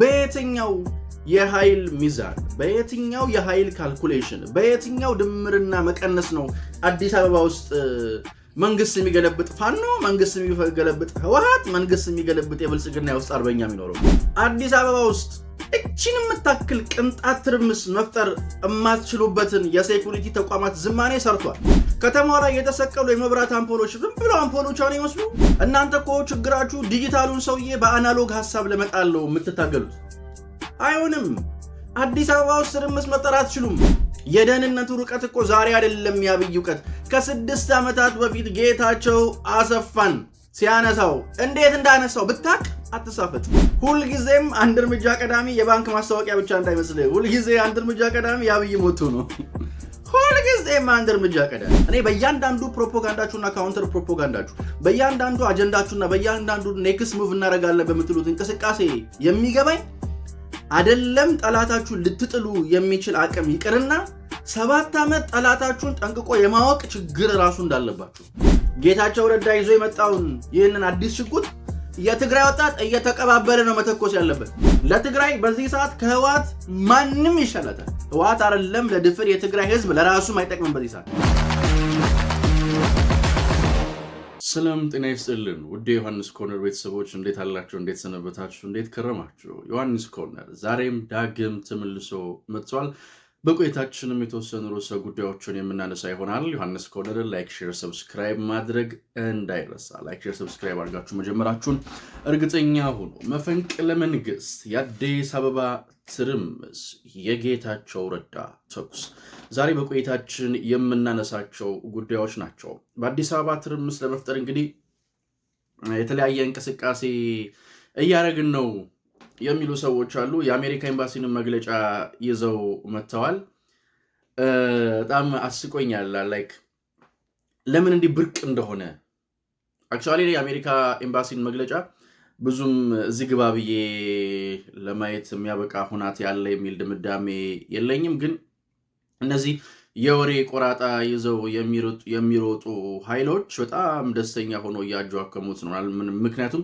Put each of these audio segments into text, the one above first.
በየትኛው የኃይል ሚዛን በየትኛው የኃይል ካልኩሌሽን በየትኛው ድምርና መቀነስ ነው አዲስ አበባ ውስጥ መንግስት የሚገለብጥ ፋኖ፣ መንግስት የሚገለብጥ ህወሀት፣ መንግስት የሚገለብጥ የብልጽግና የውስጥ አርበኛ የሚኖረው አዲስ አበባ ውስጥ ይችን የምታክል ቅንጣት ትርምስ መፍጠር የማትችሉበትን የሴኩሪቲ ተቋማት ዝማኔ ሰርቷል። ከተማዋ ላይ የተሰቀሉ የመብራት አምፖሎች ዝም ብሎ አምፖሎች አሁን ይመስሉ። እናንተ እኮ ችግራችሁ ዲጂታሉን ሰውዬ በአናሎግ ሀሳብ ለመጣል ነው የምትታገሉት። አይሆንም። አዲስ አበባ ውስጥ ትርምስ መጠር አትችሉም። የደህንነቱ ርቀት እኮ ዛሬ አይደለም ያብይ እውቀት ከስድስት ዓመታት በፊት ጌታቸው አሰፋን ሲያነሳው እንዴት እንዳነሳው ብታቅ አትሳፈጥ። ሁልጊዜም አንድ እርምጃ ቀዳሚ የባንክ ማስታወቂያ ብቻ እንዳይመስልህ። ሁልጊዜ አንድ እርምጃ ቀዳሚ የአብይ ሞቱ ነው። ሁልጊዜም አንድ እርምጃ ቀዳሚ። እኔ በእያንዳንዱ ፕሮፓጋንዳችሁና ካውንተር ፕሮፓጋንዳችሁ፣ በእያንዳንዱ አጀንዳችሁና በእያንዳንዱ ኔክስ ሙቭ እናደርጋለን በምትሉት እንቅስቃሴ የሚገባኝ አደለም ጠላታችሁ ልትጥሉ የሚችል አቅም ይቅርና ሰባት ዓመት ጠላታችሁን ጠንቅቆ የማወቅ ችግር ራሱ እንዳለባችሁ ጌታቸው ረዳ ይዞ የመጣውን ይህንን አዲስ ሽጉጥ የትግራይ ወጣት እየተቀባበለ ነው መተኮስ ያለበት። ለትግራይ በዚህ ሰዓት ከህወሓት ማንም ይሻላታል። ህወሓት አይደለም ለድፍር የትግራይ ህዝብ ለራሱም አይጠቅምም በዚህ ሰዓት። ሰላም ጤና ይስጥልን ውድ የዮሐንስ ኮርነር ቤተሰቦች እንዴት አላችሁ? እንዴት ሰነበታችሁ? እንዴት ከረማችሁ? ዮሐንስ ኮርነር ዛሬም ዳግም ተመልሶ መጥቷል። በቆይታችንም የተወሰኑ ርዕሰ ጉዳዮችን የምናነሳ ይሆናል። ዮሐንስ ኮርነር ላይክ፣ ሼር፣ ሰብስክራይብ ማድረግ እንዳይረሳ። ላይክ፣ ሼር፣ ሰብስክራይብ አድርጋችሁ መጀመራችሁን እርግጠኛ ሁኑ። መፈንቅለ መንግስት፣ የአዲስ አበባ ትርምስ፣ የጌታቸው ረዳ ተኩስ ዛሬ በቆይታችን የምናነሳቸው ጉዳዮች ናቸው። በአዲስ አበባ ትርምስ ለመፍጠር እንግዲህ የተለያየ እንቅስቃሴ እያደረግን ነው የሚሉ ሰዎች አሉ። የአሜሪካ ኤምባሲንም መግለጫ ይዘው መጥተዋል። በጣም አስቆኛል። ላይክ ለምን እንዲህ ብርቅ እንደሆነ አክቹዋሊ የአሜሪካ ኤምባሲን መግለጫ ብዙም እዚህ ግባ ብዬ ለማየት የሚያበቃ ሁናት ያለ የሚል ድምዳሜ የለኝም። ግን እነዚህ የወሬ ቆራጣ ይዘው የሚሮጡ ኃይሎች በጣም ደስተኛ ሆኖ እያጇከሙት ነው። ምክንያቱም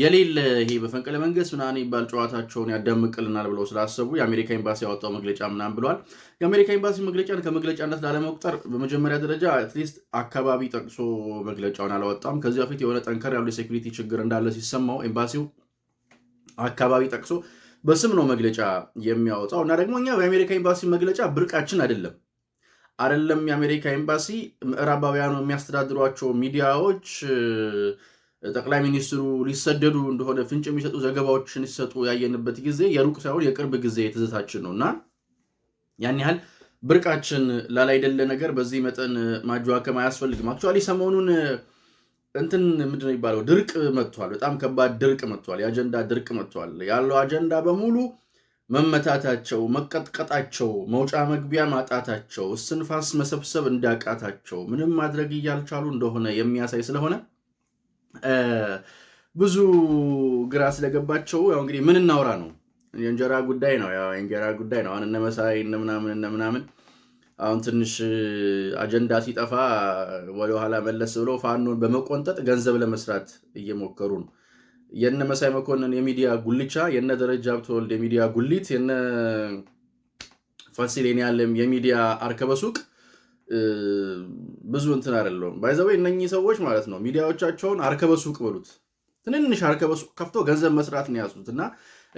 የሌለ ይሄ በፈንቅለ መንግስት ምናምን የሚባል ጨዋታቸውን ያዳምቅልናል ብለው ስላሰቡ የአሜሪካ ኤምባሲ ያወጣው መግለጫ ምናምን ብሏል። የአሜሪካ ኤምባሲ መግለጫን ከመግለጫነት ላለመቁጠር በመጀመሪያ ደረጃ አትሊስት አካባቢ ጠቅሶ መግለጫውን አላወጣም። ከዚህ በፊት የሆነ ጠንከር ያሉ የሴኩሪቲ ችግር እንዳለ ሲሰማው ኤምባሲው አካባቢ ጠቅሶ በስም ነው መግለጫ የሚያወጣው እና ደግሞ እኛ በአሜሪካ ኤምባሲ መግለጫ ብርቃችን አይደለም አይደለም የአሜሪካ ኤምባሲ ምዕራባውያኑ የሚያስተዳድሯቸው ሚዲያዎች ጠቅላይ ሚኒስትሩ ሊሰደዱ እንደሆነ ፍንጭ የሚሰጡ ዘገባዎችን ሲሰጡ ያየንበት ጊዜ የሩቅ ሳይሆን የቅርብ ጊዜ ትዝታችን ነው እና ያን ያህል ብርቃችን ላላይደለ ነገር በዚህ መጠን ማጀዋከም አያስፈልግም። አክቹዋሊ ሰሞኑን እንትን ምንድን ነው የሚባለው ድርቅ መጥቷል። በጣም ከባድ ድርቅ መጥቷል። የአጀንዳ ድርቅ መጥቷል። ያለው አጀንዳ በሙሉ መመታታቸው፣ መቀጥቀጣቸው፣ መውጫ መግቢያ ማጣታቸው፣ እስትንፋስ መሰብሰብ እንዳቃታቸው፣ ምንም ማድረግ እያልቻሉ እንደሆነ የሚያሳይ ስለሆነ ብዙ ግራ ስለገባቸው ያው እንግዲህ ምን እናውራ ነው የእንጀራ ጉዳይ ነው። ያው የእንጀራ ጉዳይ ነው። አሁን እነ መሳይ እነ ምናምን እነ ምናምን አሁን ትንሽ አጀንዳ ሲጠፋ ወደኋላ መለስ ብለው ፋኖን በመቆንጠጥ ገንዘብ ለመስራት እየሞከሩ ነው። የነ መሳይ መኮንን የሚዲያ ጉልቻ፣ የነ ደረጃ ብትወልድ የሚዲያ ጉሊት፣ የነ ፋሲሌን ያለም የሚዲያ አርከበሱቅ ብዙ እንትን አይደለውም። ባይዘዌ እነኚህ ሰዎች ማለት ነው ሚዲያዎቻቸውን አርከበሱቅ በሉት። ትንንሽ አርከበሱቅ ከፍቶ ገንዘብ መስራት ነው ያዙት። እና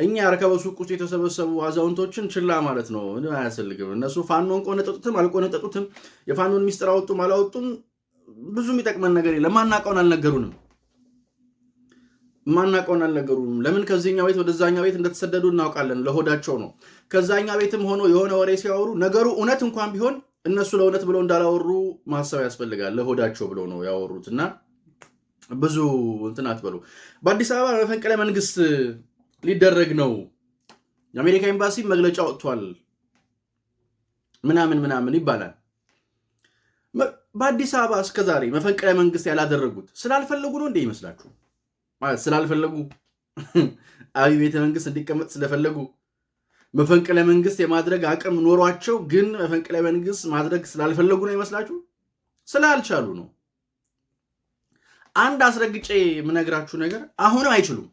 እኛ አርከበሱቅ ውስጥ የተሰበሰቡ አዛውንቶችን ችላ ማለት ነው አያስፈልግም። እነሱ ፋኖን ቆነጠጡትም አልቆነጠጡትም የፋኖን ሚስጥር አወጡም አላወጡም ብዙ የሚጠቅመን ነገር ለማናቀውን አልነገሩንም ማናቀውን አልነገሩም። ለምን ከዚህኛ ቤት ወደዛኛ ቤት እንደተሰደዱ እናውቃለን። ለሆዳቸው ነው። ከዛኛ ቤትም ሆኖ የሆነ ወሬ ሲያወሩ ነገሩ እውነት እንኳን ቢሆን እነሱ ለእውነት ብለው እንዳላወሩ ማሰብ ያስፈልጋል። ለሆዳቸው ብለው ነው ያወሩት እና ብዙ እንትን አትበሉ። በአዲስ አበባ መፈንቅለ መንግስት ሊደረግ ነው፣ የአሜሪካ ኤምባሲ መግለጫ ወጥቷል ምናምን ምናምን ይባላል። በአዲስ አበባ እስከዛሬ መፈንቅለ መንግስት ያላደረጉት ስላልፈለጉ ነው እንዴ ይመስላችሁ? ማለት ስላልፈለጉ አብይ ቤተ መንግስት እንዲቀመጥ ስለፈለጉ መፈንቅለ መንግስት የማድረግ አቅም ኖሯቸው ግን መፈንቅለ መንግስት ማድረግ ስላልፈለጉ ነው ይመስላችሁ? ስላልቻሉ ነው። አንድ አስረግጬ የምነግራችሁ ነገር አሁንም አይችሉም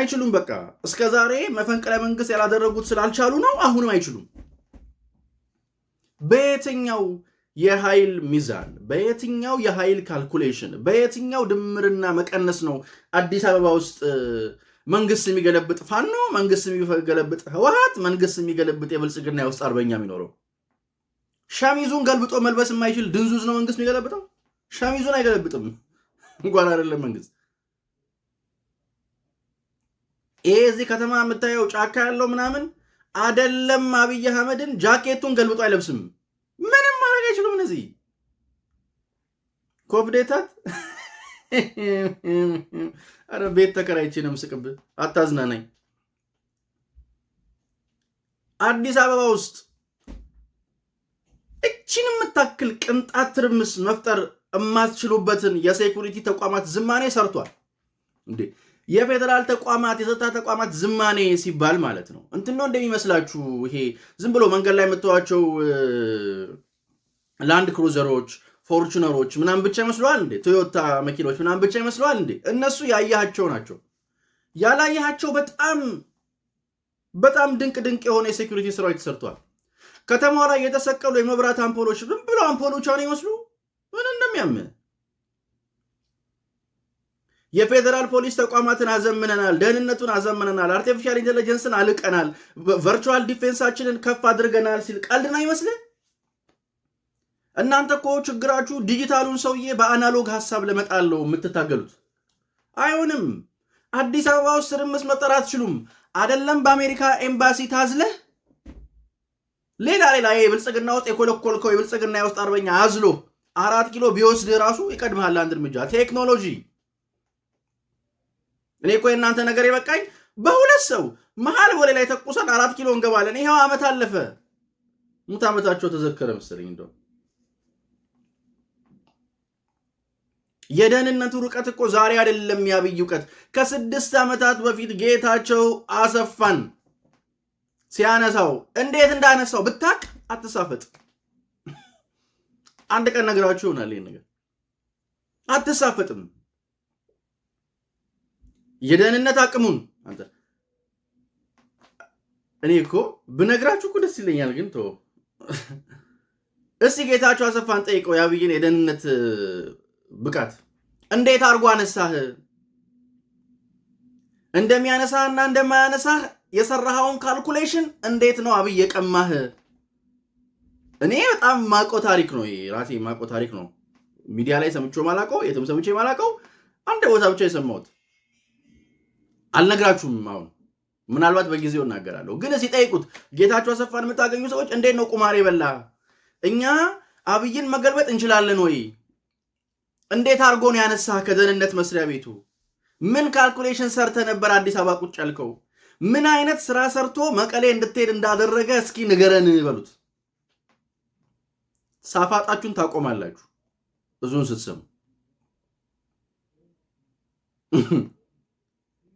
አይችሉም። በቃ እስከ ዛሬ መፈንቅለ መንግስት ያላደረጉት ስላልቻሉ ነው። አሁንም አይችሉም። በየትኛው የኃይል ሚዛን፣ በየትኛው የኃይል ካልኩሌሽን፣ በየትኛው ድምርና መቀነስ ነው አዲስ አበባ ውስጥ መንግስት የሚገለብጥ ፋኖ፣ መንግስት የሚገለብጥ ህወሀት፣ መንግስት የሚገለብጥ የብልጽግና የውስጥ አርበኛ የሚኖረው ሸሚዙን ገልብጦ መልበስ የማይችል ድንዙዝ ነው መንግስት የሚገለብጠው። ሸሚዙን አይገለብጥም እንኳን አይደለም መንግስት። ይሄ እዚህ ከተማ የምታየው ጫካ ያለው ምናምን አደለም። አብይ አህመድን ጃኬቱን ገልብጦ አይለብስም። ምንም ማድረግ አይችሉም እነዚህ ኮፕዴታት አረ ቤት ተከራይቼ ነው የምስቅብህ። አታዝናናኝ። አዲስ አበባ ውስጥ እቺን የምታክል ቅንጣት ትርምስ መፍጠር የማትችሉበትን የሴኩሪቲ ተቋማት ዝማኔ ሰርቷል እንዴ! የፌዴራል ተቋማት የጸጥታ ተቋማት ዝማኔ ሲባል ማለት ነው እንትን ነው እንደሚመስላችሁ ይሄ ዝም ብሎ መንገድ ላይ የምትዋቸው ላንድ ክሩዘሮች ፎርቹነሮች ምናምን ብቻ ይመስለዋል እንዴ? ቶዮታ መኪኖች ምናምን ብቻ ይመስለዋል እንዴ? እነሱ ያያቸው ናቸው። ያላያቸው በጣም በጣም ድንቅ ድንቅ የሆነ የሴኩሪቲ ስራዎች ተሰርተዋል። ከተማዋ ላይ የተሰቀሉ የመብራት አምፖሎች ዝም ብሎ አምፖሎች ነው ይመስሉ ምን እንደሚያም የፌዴራል ፖሊስ ተቋማትን አዘምነናል፣ ደህንነቱን አዘምነናል፣ አርቲፊሻል ኢንቴሊጀንስን አልቀናል፣ ቨርቹዋል ዲፌንሳችንን ከፍ አድርገናል ሲል ቀልድ ነው እናንተ እኮ ችግራችሁ ዲጂታሉን ሰውዬ በአናሎግ ሀሳብ ለመጣለው የምትታገሉት። አይሆንም። አዲስ አበባ ውስጥ ትርምስ መጠር አትችሉም። አደለም በአሜሪካ ኤምባሲ ታዝለህ ሌላ ሌላ የብልጽግና ውስጥ የኮለኮልከው የብልጽግና የውስጥ አርበኛ አዝሎ አራት ኪሎ ቢወስድህ ራሱ ይቀድመሃል አንድ እርምጃ። ቴክኖሎጂ እኔ እኮ የእናንተ ነገር የበቃኝ በሁለት ሰው መሀል ቦሌ ላይ ተቁሰን አራት ኪሎ እንገባለን። ይኸው ዓመት አለፈ። ሙት ዓመታቸው ተዘከረ መሰለኝ እንደው የደህንነቱ ርቀት እኮ ዛሬ አይደለም። ያብይ እውቀት ከስድስት ዓመታት በፊት ጌታቸው አሰፋን ሲያነሳው እንዴት እንዳነሳው ብታቅ አትሳፈጥ። አንድ ቀን ነግራችሁ ይሆናል ይህን ነገር። አትሳፈጥም። የደህንነት አቅሙን እኔ እኮ ብነግራችሁ እኮ ደስ ይለኛል፣ ግን እስቲ ጌታቸው አሰፋን ጠይቀው የአብይን የደህንነት ብቃት እንዴት አድርጎ አነሳህ? እንደሚያነሳህና እንደማያነሳህ የሰራኸውን ካልኩሌሽን እንዴት ነው አብይ የቀማህ? እኔ በጣም ማቆ ታሪክ ነው ራሴ ማቆ ታሪክ ነው። ሚዲያ ላይ ሰምቾ ማላቀው፣ የትም ሰምቼ ማላቀው፣ አንድ ቦታ ብቻ የሰማሁት አልነግራችሁም። አሁን ምናልባት በጊዜው እናገራለሁ። ግን ሲጠይቁት ጌታቸው አሰፋን የምታገኙ ሰዎች እንዴት ነው ቁማር የበላ እኛ አብይን መገልበጥ እንችላለን ወይ እንዴት አድርጎ ነው ያነሳህ ከደህንነት መስሪያ ቤቱ? ምን ካልኩሌሽን ሰርተ ነበር አዲስ አበባ ቁጭ ያልከው? ምን አይነት ስራ ሰርቶ መቀሌ እንድትሄድ እንዳደረገ እስኪ ንገረን በሉት። ሳፋጣችሁን ታቆማላችሁ እዙን ስትሰሙ።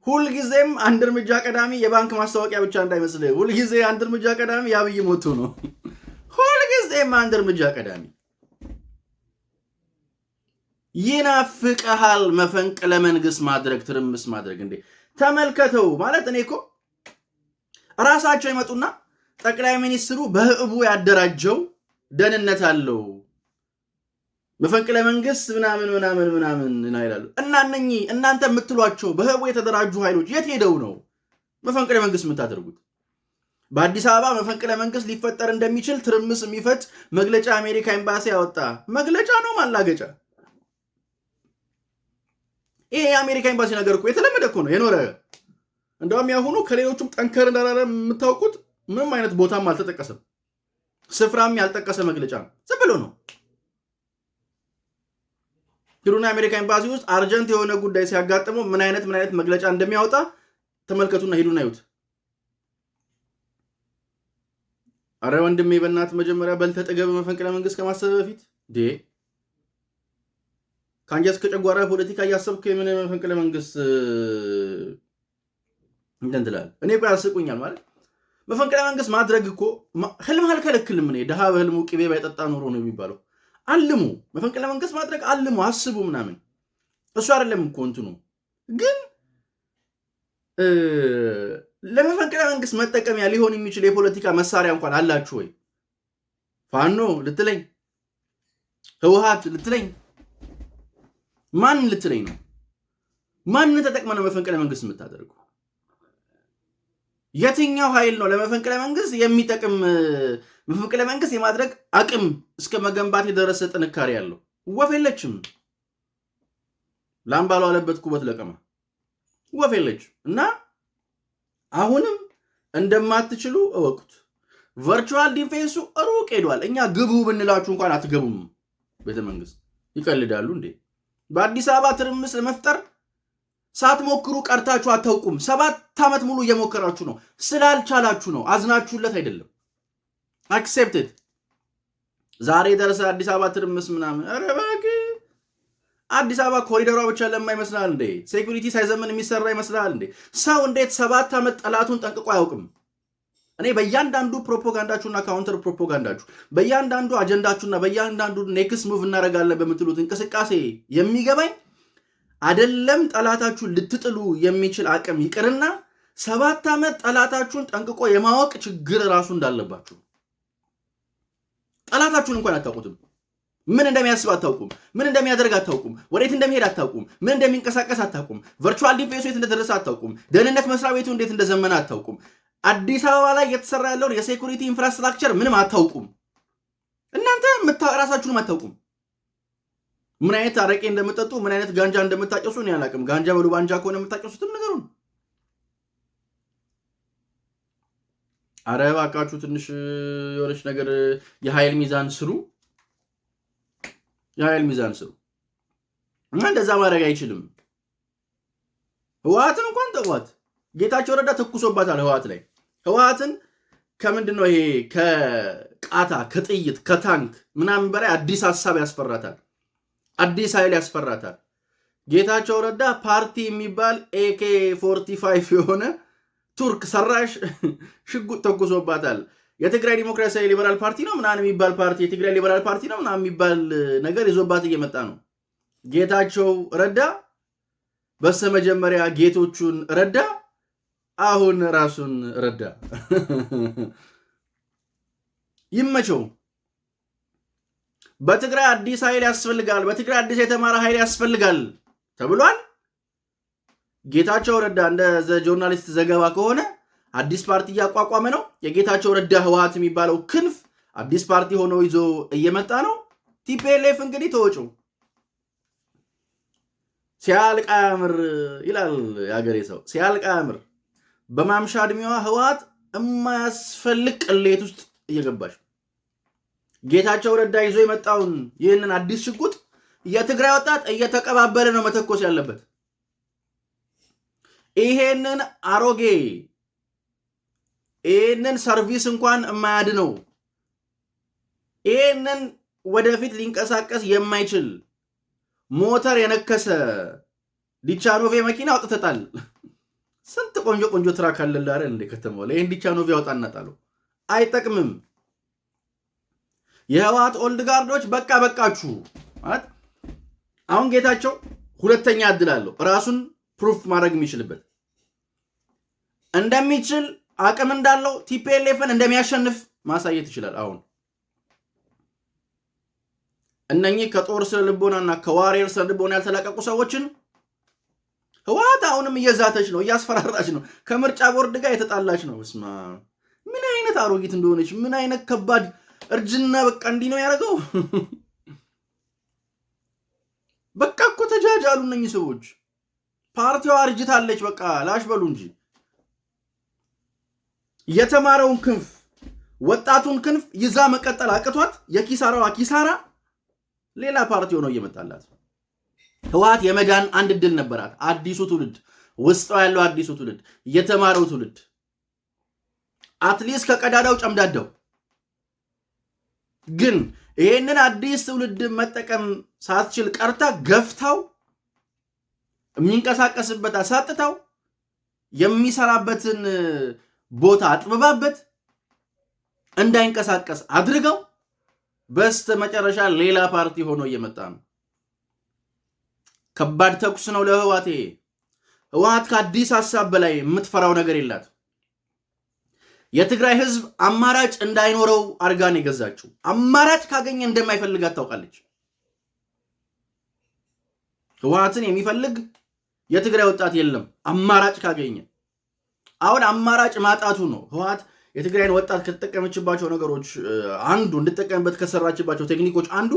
ሁልጊዜም አንድ እርምጃ ቀዳሚ የባንክ ማስታወቂያ ብቻ እንዳይመስልህ። ሁልጊዜ አንድ እርምጃ ቀዳሚ የአብይ ሞቱ ነው። ሁልጊዜም አንድ እርምጃ ቀዳሚ ይናፍቀሃል መፈንቅለ መንግስት ማድረግ ትርምስ ማድረግ። እንዴ ተመልከተው ማለት እኔ እኮ ራሳቸው ይመጡና ጠቅላይ ሚኒስትሩ በህቡ ያደራጀው ደህንነት አለው መፈንቅለ መንግስት ምናምን ምናምን ምናምን ና ይላሉ እና እነኚህ እናንተ የምትሏቸው በህቡ የተደራጁ ኃይሎች የት ሄደው ነው መፈንቅለ መንግስት የምታደርጉት? በአዲስ አበባ መፈንቅለ መንግስት ሊፈጠር እንደሚችል ትርምስ የሚፈት መግለጫ አሜሪካ ኤምባሲ ያወጣ መግለጫ ነው ማላገጫ ይሄ የአሜሪካ ኤምባሲ ነገር እኮ የተለመደ እኮ ነው የኖረ። እንደውም ያሁኑ ከሌሎቹም ጠንከር እንዳላለ የምታውቁት ምንም አይነት ቦታም አልተጠቀሰም፣ ስፍራም ያልጠቀሰ መግለጫ ነው። ዝም ብሎ ነው ሂዱና የአሜሪካ ኤምባሲ ውስጥ አርጀንት የሆነ ጉዳይ ሲያጋጥመው ምን አይነት ምን አይነት መግለጫ እንደሚያወጣ ተመልከቱና ሂዱና ይዩት። አረ ወንድሜ በእናትህ መጀመሪያ በልተጠገብ መፈንቅለ መንግስት ከማሰብ በፊት ከአንጀት እስከ ጨጓራ ፖለቲካ እያሰብክ የምን መፈንቅለ መንግስት እንትን ትላለህ? እኔ እኮ ያስቁኛል ማለት መፈንቅለ መንግስት ማድረግ እኮ ህልም አልከለክልም። እኔ ድሃ በህልሙ ቅቤ ባይጠጣ ኖሮ ነው የሚባለው። አልሙ፣ መፈንቅለ መንግስት ማድረግ አልሙ፣ አስቡ ምናምን። እሱ አይደለም እኮ እንትኑ ግን ለመፈንቅለ መንግስት መጠቀሚያ ሊሆን የሚችል የፖለቲካ መሳሪያ እንኳን አላችሁ ወይ? ፋኖ ልትለኝ፣ ህውሃት ልትለኝ ማን ልትለኝ ነው? ማንን ተጠቅመ ነው መፈንቅለ መንግስት የምታደርገው? የትኛው ኃይል ነው ለመፈንቅለ መንግስት የሚጠቅም መፈንቅለ መንግስት የማድረግ አቅም እስከ መገንባት የደረሰ ጥንካሬ ያለው? ወፍ የለችም። ላምባሉ አለበት ኩበት ለቀማ ወፍ የለችም። እና አሁንም እንደማትችሉ እወቁት። ቨርቹዋል ዲፌንሱ ሩቅ ሄዷል። እኛ ግቡ ብንላችሁ እንኳን አትገቡም። ቤተመንግስት ይቀልዳሉ እንዴ? በአዲስ አበባ ትርምስ ለመፍጠር ሳትሞክሩ ቀርታችሁ አታውቁም። ሰባት ዓመት ሙሉ እየሞከራችሁ ነው። ስላልቻላችሁ ነው። አዝናችሁለት አይደለም። አክሴፕትድ ዛሬ ደረሰ አዲስ አበባ ትርምስ ምናምን። ኧረ እባክህ አዲስ አበባ ኮሪደሯ ብቻ ለማ ይመስላል እንዴ? ሴኩሪቲ ሳይዘምን የሚሰራ ይመስላል እንዴ? ሰው እንዴት ሰባት ዓመት ጠላቱን ጠንቅቆ አያውቅም? እኔ በእያንዳንዱ ፕሮፓጋንዳችሁና ካውንተር ፕሮፓጋንዳችሁ በእያንዳንዱ አጀንዳችሁና በእያንዳንዱ ኔክስ ሙቭ እናደርጋለን በምትሉት እንቅስቃሴ የሚገባኝ አደለም ጠላታችሁን ልትጥሉ የሚችል አቅም ይቅርና ሰባት ዓመት ጠላታችሁን ጠንቅቆ የማወቅ ችግር ራሱ እንዳለባችሁ ጠላታችሁን እንኳን አታውቁትም። ምን እንደሚያስብ አታውቁም። ምን እንደሚያደርግ አታውቁም። ወዴት እንደሚሄድ አታውቁም። ምን እንደሚንቀሳቀስ አታውቁም። ቨርቹዋል ዲፌንሱ የት እንደደረሰ አታውቁም። ደህንነት መስሪያ ቤቱ እንዴት እንደዘመነ አታውቁም። አዲስ አበባ ላይ እየተሰራ ያለውን የሴኩሪቲ ኢንፍራስትራክቸር ምንም አታውቁም። እናንተ ራሳችሁንም አታውቁም። ምን አይነት አረቄ እንደምጠጡ ምን አይነት ጋንጃ እንደምታጨሱ እኔ አላውቅም። ጋንጃ በሉ ባንጃ ከሆነ የምታጨሱትም ነገሩን አረ እባካችሁ ትንሽ የሆነች ነገር የኃይል ሚዛን ስሩ፣ የኃይል ሚዛን ስሩ እና እንደዛ ማድረግ አይችልም። ህወሓትን እንኳን ጌታቸው ረዳ ተኩሶባታል ህወሓት ላይ። ህወሀትን ከምንድን ነው ይሄ ከቃታ ከጥይት ከታንክ ምናምን በላይ አዲስ ሀሳብ ያስፈራታል። አዲስ ኃይል ያስፈራታል። ጌታቸው ረዳ ፓርቲ የሚባል ኤኬ ፎርቲ ፋይቭ የሆነ ቱርክ ሰራሽ ሽጉጥ ተኩሶባታል። የትግራይ ዲሞክራሲያዊ ሊበራል ፓርቲ ነው ምናምን የሚባል ፓርቲ የትግራይ ሊበራል ፓርቲ ነው ምናምን የሚባል ነገር ይዞባት እየመጣ ነው። ጌታቸው ረዳ በስተመጀመሪያ ጌቶቹን ረዳ አሁን ራሱን ረዳ። ይመቸው። በትግራይ አዲስ ኃይል ያስፈልጋል፣ በትግራይ አዲስ የተማረ ኃይል ያስፈልጋል ተብሏል። ጌታቸው ረዳ እንደ ጆርናሊስት ዘገባ ከሆነ አዲስ ፓርቲ እያቋቋመ ነው። የጌታቸው ረዳ ህወሓት የሚባለው ክንፍ አዲስ ፓርቲ ሆኖ ይዞ እየመጣ ነው። ቲፒኤልኤፍ እንግዲህ ተወጩ ሲያልቅ አያምር ይላል የሀገሬ ሰው፣ ሲያልቅ አያምር በማምሻ እድሜዋ ህወሓት የማያስፈልግ ቅሌት ውስጥ እየገባች ጌታቸው ረዳ ይዞ የመጣውን ይህንን አዲስ ሽጉጥ የትግራይ ወጣት እየተቀባበለ ነው መተኮስ ያለበት። ይሄንን አሮጌ ይህንን ሰርቪስ እንኳን የማያድነው ይህንን ወደፊት ሊንቀሳቀስ የማይችል ሞተር የነከሰ ዲቻኖቬ መኪና አውጥተጣል። ስንት ቆንጆ ቆንጆ ትራክ አለላ አይደል እንደ ከተማው ላይ እንዲቻ ነው ኖቪ ያወጣና አይጠቅምም። የህወሓት ኦልድ ጋርዶች በቃ በቃችሁ ማለት አሁን ጌታቸው ሁለተኛ እድል አለው ራሱን ፕሩፍ ማድረግ የሚችልበት እንደሚችል አቅም እንዳለው ቲፒኤልኤፍን እንደሚያሸንፍ ማሳየት ይችላል። አሁን እነኚህ ከጦር ስነ ልቦናና ከዋሪየር ስነ ልቦና ያልተላቀቁ ሰዎችን ህወሓት አሁንም እየዛተች ነው፣ እያስፈራራች ነው፣ ከምርጫ ቦርድ ጋር የተጣላች ነው። ስማ ምን አይነት አሮጊት እንደሆነች ምን አይነት ከባድ እርጅና። በቃ እንዲህ ነው ያደረገው። በቃ እኮ አሉ እነኝህ ሰዎች። ፓርቲዋ አርጅታለች። በቃ ላሽ በሉ እንጂ የተማረውን ክንፍ ወጣቱን ክንፍ ይዛ መቀጠል አቅቷት የኪሳራዋ ኪሳራ ሌላ ፓርቲ ሆነው እየመጣላት ህወሓት የመዳን አንድ እድል ነበራት። አዲሱ ትውልድ ውስጧ ያለው አዲሱ ትውልድ የተማረው ትውልድ አትሊስት ከቀዳዳው ጨምዳዳው ግን ይሄንን አዲስ ትውልድ መጠቀም ሳትችል ቀርታ ገፍታው የሚንቀሳቀስበት አሳጥታው የሚሰራበትን ቦታ አጥብባበት እንዳይንቀሳቀስ አድርገው በስተ መጨረሻ ሌላ ፓርቲ ሆኖ እየመጣ ነው። ከባድ ተኩስ ነው ለህዋት ይሄ። ህወሀት ከአዲስ ሀሳብ በላይ የምትፈራው ነገር የላት። የትግራይ ህዝብ አማራጭ እንዳይኖረው አርጋን የገዛችው አማራጭ ካገኘ እንደማይፈልጋት ታውቃለች። ህወሀትን የሚፈልግ የትግራይ ወጣት የለም አማራጭ ካገኘ። አሁን አማራጭ ማጣቱ ነው ህወሀት የትግራይን ወጣት ከተጠቀመችባቸው ነገሮች አንዱ እንድጠቀምበት ከሰራችባቸው ቴክኒኮች አንዱ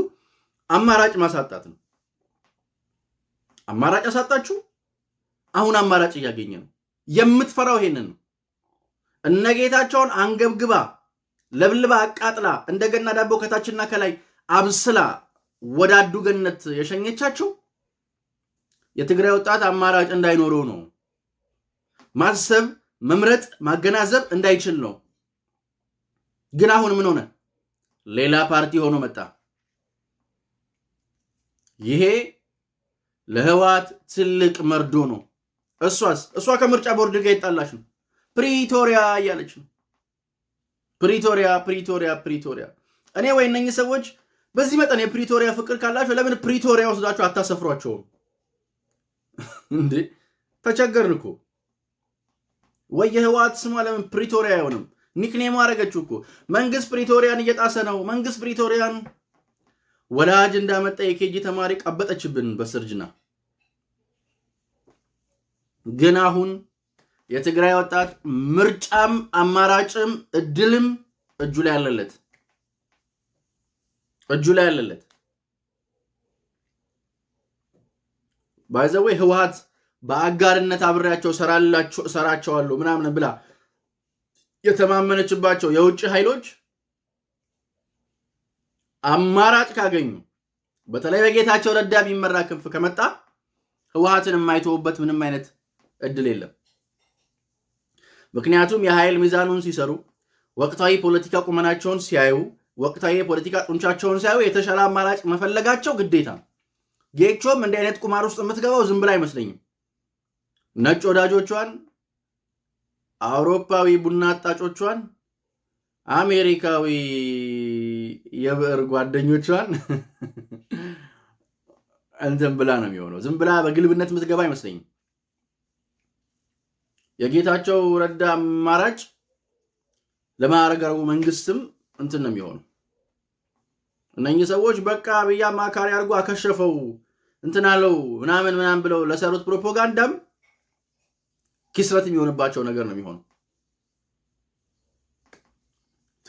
አማራጭ ማሳጣት ነው። አማራጭ አሳጣችሁ። አሁን አማራጭ እያገኘ ነው። የምትፈራው ይሄንን ነው። እነ ጌታቸውን አንገብግባ ለብልባ አቃጥላ እንደገና ዳቦ ከታችና ከላይ አብስላ ወደ አዱ ገነት የሸኘቻቸው የትግራይ ወጣት አማራጭ እንዳይኖረው ነው። ማሰብ፣ መምረጥ፣ ማገናዘብ እንዳይችል ነው። ግን አሁን ምን ሆነ? ሌላ ፓርቲ ሆኖ መጣ። ይሄ ለህወሓት ትልቅ መርዶ ነው። እሷስ እሷ ከምርጫ ቦርድ ጋር ይጣላች ነው። ፕሪቶሪያ እያለች ነው። ፕሪቶሪያ ፕሪቶሪያ ፕሪቶሪያ። እኔ ወይ እነኝህ ሰዎች በዚህ መጠን የፕሪቶሪያ ፍቅር ካላቸው ለምን ፕሪቶሪያ ወስዳችሁ አታሰፍሯቸውም እንዴ? ተቸገርን እኮ ወይ የህወሓት ስሟ ለምን ፕሪቶሪያ አይሆንም? ኒክኔም አረገችው እኮ መንግስት ፕሪቶሪያን እየጣሰ ነው። መንግስት ፕሪቶሪያን ወላጅ እንዳመጣ የኬጂ ተማሪ ቀበጠችብን በስርጅና ግን አሁን የትግራይ ወጣት ምርጫም አማራጭም እድልም እጁ ላይ አለለት እጁ ላይ አለለት። ባይዘወይ ህወሓት በአጋርነት አብሬያቸው ሰራቸዋለሁ ምናምን ብላ የተማመነችባቸው የውጭ ኃይሎች አማራጭ ካገኙ በተለይ በጌታቸው ረዳ የሚመራ ክንፍ ከመጣ ህወሓትን የማይተውበት ምንም አይነት እድል የለም። ምክንያቱም የኃይል ሚዛኑን ሲሰሩ፣ ወቅታዊ ፖለቲካ ቁመናቸውን ሲያዩ፣ ወቅታዊ የፖለቲካ ጡንቻቸውን ሲያዩ የተሻለ አማራጭ መፈለጋቸው ግዴታ ነው። ጌቾም እንዲህ አይነት ቁማር ውስጥ የምትገባው ዝም ብላ አይመስለኝም። ነጭ ወዳጆቿን፣ አውሮፓዊ ቡና አጣጮቿን፣ አሜሪካዊ የብዕር ጓደኞቿን እንትን ብላ ነው የሚሆነው። ዝም ብላ በግልብነት የምትገባ አይመስለኝም። የጌታቸው ረዳ አማራጭ ለማዕረገ መንግስትም እንትን ነው የሚሆኑ እነኚህ ሰዎች በቃ አብይ አማካሪ አድርጎ አከሸፈው እንትን አለው ምናምን ምናምን ብለው ለሰሩት ፕሮፓጋንዳም ኪስረት የሚሆንባቸው ነገር ነው የሚሆኑ።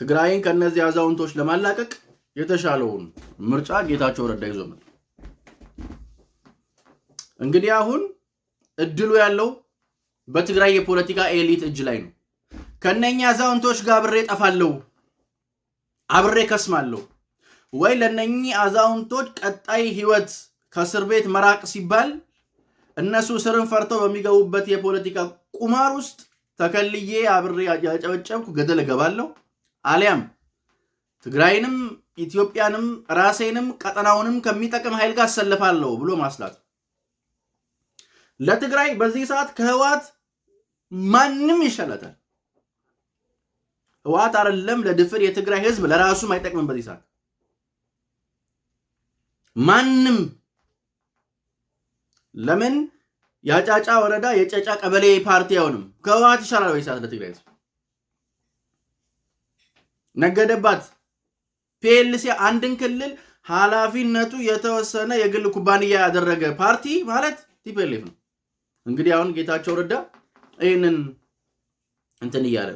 ትግራይን ከእነዚህ አዛውንቶች ለማላቀቅ የተሻለውን ምርጫ ጌታቸው ረዳ ይዞ እንግዲህ አሁን እድሉ ያለው በትግራይ የፖለቲካ ኤሊት እጅ ላይ ነው። ከነኛ አዛውንቶች ጋር አብሬ ጠፋለሁ፣ አብሬ ከስማለሁ። ወይ ለነኚህ አዛውንቶች ቀጣይ ህይወት ከእስር ቤት መራቅ ሲባል እነሱ ስርን ፈርተው በሚገቡበት የፖለቲካ ቁማር ውስጥ ተከልዬ አብሬ ያጨበጨብኩ ገደል እገባለሁ፣ አሊያም ትግራይንም ኢትዮጵያንም ራሴንም ቀጠናውንም ከሚጠቅም ኃይል ጋር አሰልፋለሁ ብሎ ማስላት ለትግራይ በዚህ ሰዓት ከህወሓት ማንም ይሻላታል። ህወሓት አይደለም ለድፍር የትግራይ ህዝብ ለራሱ አይጠቅምም። በዚህ ሰዓት ማንም ለምን የአጫጫ ወረዳ የጫጫ ቀበሌ ፓርቲ አይሆንም። ከህወሓት ይሻላል በዚህ ሰዓት ለትግራይ ህዝብ። ነገደባት ፒኤልሲ አንድን ክልል ኃላፊነቱ የተወሰነ የግል ኩባንያ ያደረገ ፓርቲ ማለት ቲፒኤልኤፍ ነው። እንግዲህ አሁን ጌታቸው ረዳ ይህንን እንትን እያለ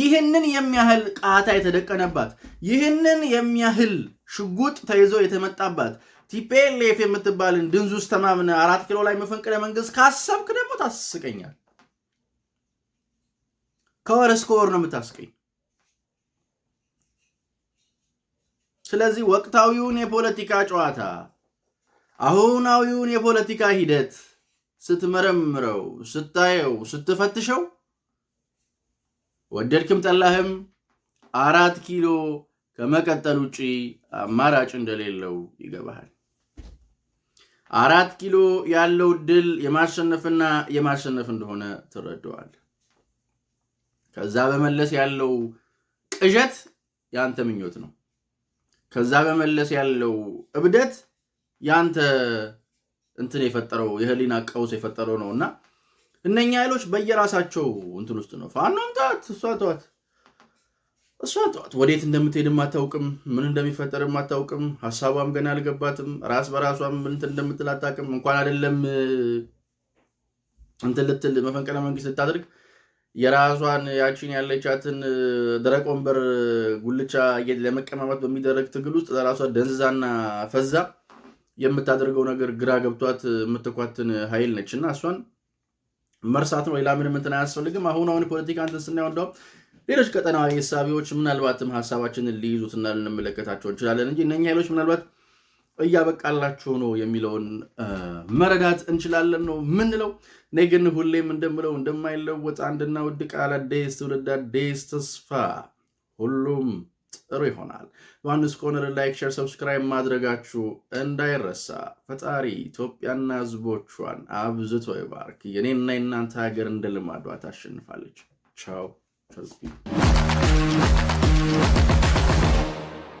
ይህንን የሚያህል ቃታ የተደቀነባት ይህንን የሚያህል ሽጉጥ ተይዞ የተመጣባት ቲፒኤልኤፍ የምትባልን ድንዙ ውስጥ ተማምነ አራት ኪሎ ላይ መፈንቅለ መንግስት ካሰብክ ደግሞ ታስቀኛል። ከወር እስከ ወር ነው የምታስቀኝ። ስለዚህ ወቅታዊውን የፖለቲካ ጨዋታ፣ አሁናዊውን የፖለቲካ ሂደት ስትመረምረው፣ ስታየው፣ ስትፈትሸው ወደድክም ጠላህም አራት ኪሎ ከመቀጠል ውጪ አማራጭ እንደሌለው ይገባሃል። አራት ኪሎ ያለው ድል የማሸነፍና የማሸነፍ እንደሆነ ትረደዋል። ከዛ በመለስ ያለው ቅዠት ያንተ ምኞት ነው። ከዛ በመለስ ያለው እብደት ያንተ እንትን የፈጠረው የህሊና ቀውስ የፈጠረው ነው እና እነኛ ኃይሎች በየራሳቸው እንትን ውስጥ ነው። ፋኖም ተዋት፣ እሷ ተዋት፣ እሷ ተዋት። ወዴት እንደምትሄድም አታውቅም፣ ምን እንደሚፈጠርም አታውቅም። ሀሳቧም ገና አልገባትም። ራስ በራሷም እንትን እንደምትል አታውቅም። እንኳን አይደለም እንትን ልትል መፈንቅለ መንግስት ልታደርግ የራሷን ያቺን ያለቻትን ደረቅ ወንበር ጉልቻ ለመቀማመት በሚደረግ ትግል ውስጥ ለራሷ ደንዝዛና ፈዛ የምታደርገው ነገር ግራ ገብቷት የምትኳትን ኃይል ነች እና እሷን መርሳት ነው። ሌላ ምንም እንትን አያስፈልግም። አሁን አሁን ፖለቲካ እንትን ስናየው እንደውም ሌሎች ቀጠናዊ ሳቢዎች ምናልባትም ሀሳባችንን ሊይዙትና ልንመለከታቸው እንችላለን እንጂ እነኛ ኃይሎች ምናልባት እያበቃላችሁ ነው የሚለውን መረዳት እንችላለን ነው ምንለው። እኔ ግን ሁሌም እንደምለው እንደማይለወጥ አንድና ውድ ቃል አዲስ ትውልድ አዲስ ተስፋ ሁሉም ጥሩ ይሆናል። ዮሐንስ ኮርነር ላይክ፣ ሸር፣ ሰብስክራይብ ማድረጋችሁ እንዳይረሳ። ፈጣሪ ኢትዮጵያና ህዝቦቿን አብዝቶ ይባርክ። የኔና የእናንተ ሀገር እንደ ልማዷ ታሸንፋለች። ቻው ቸርቁ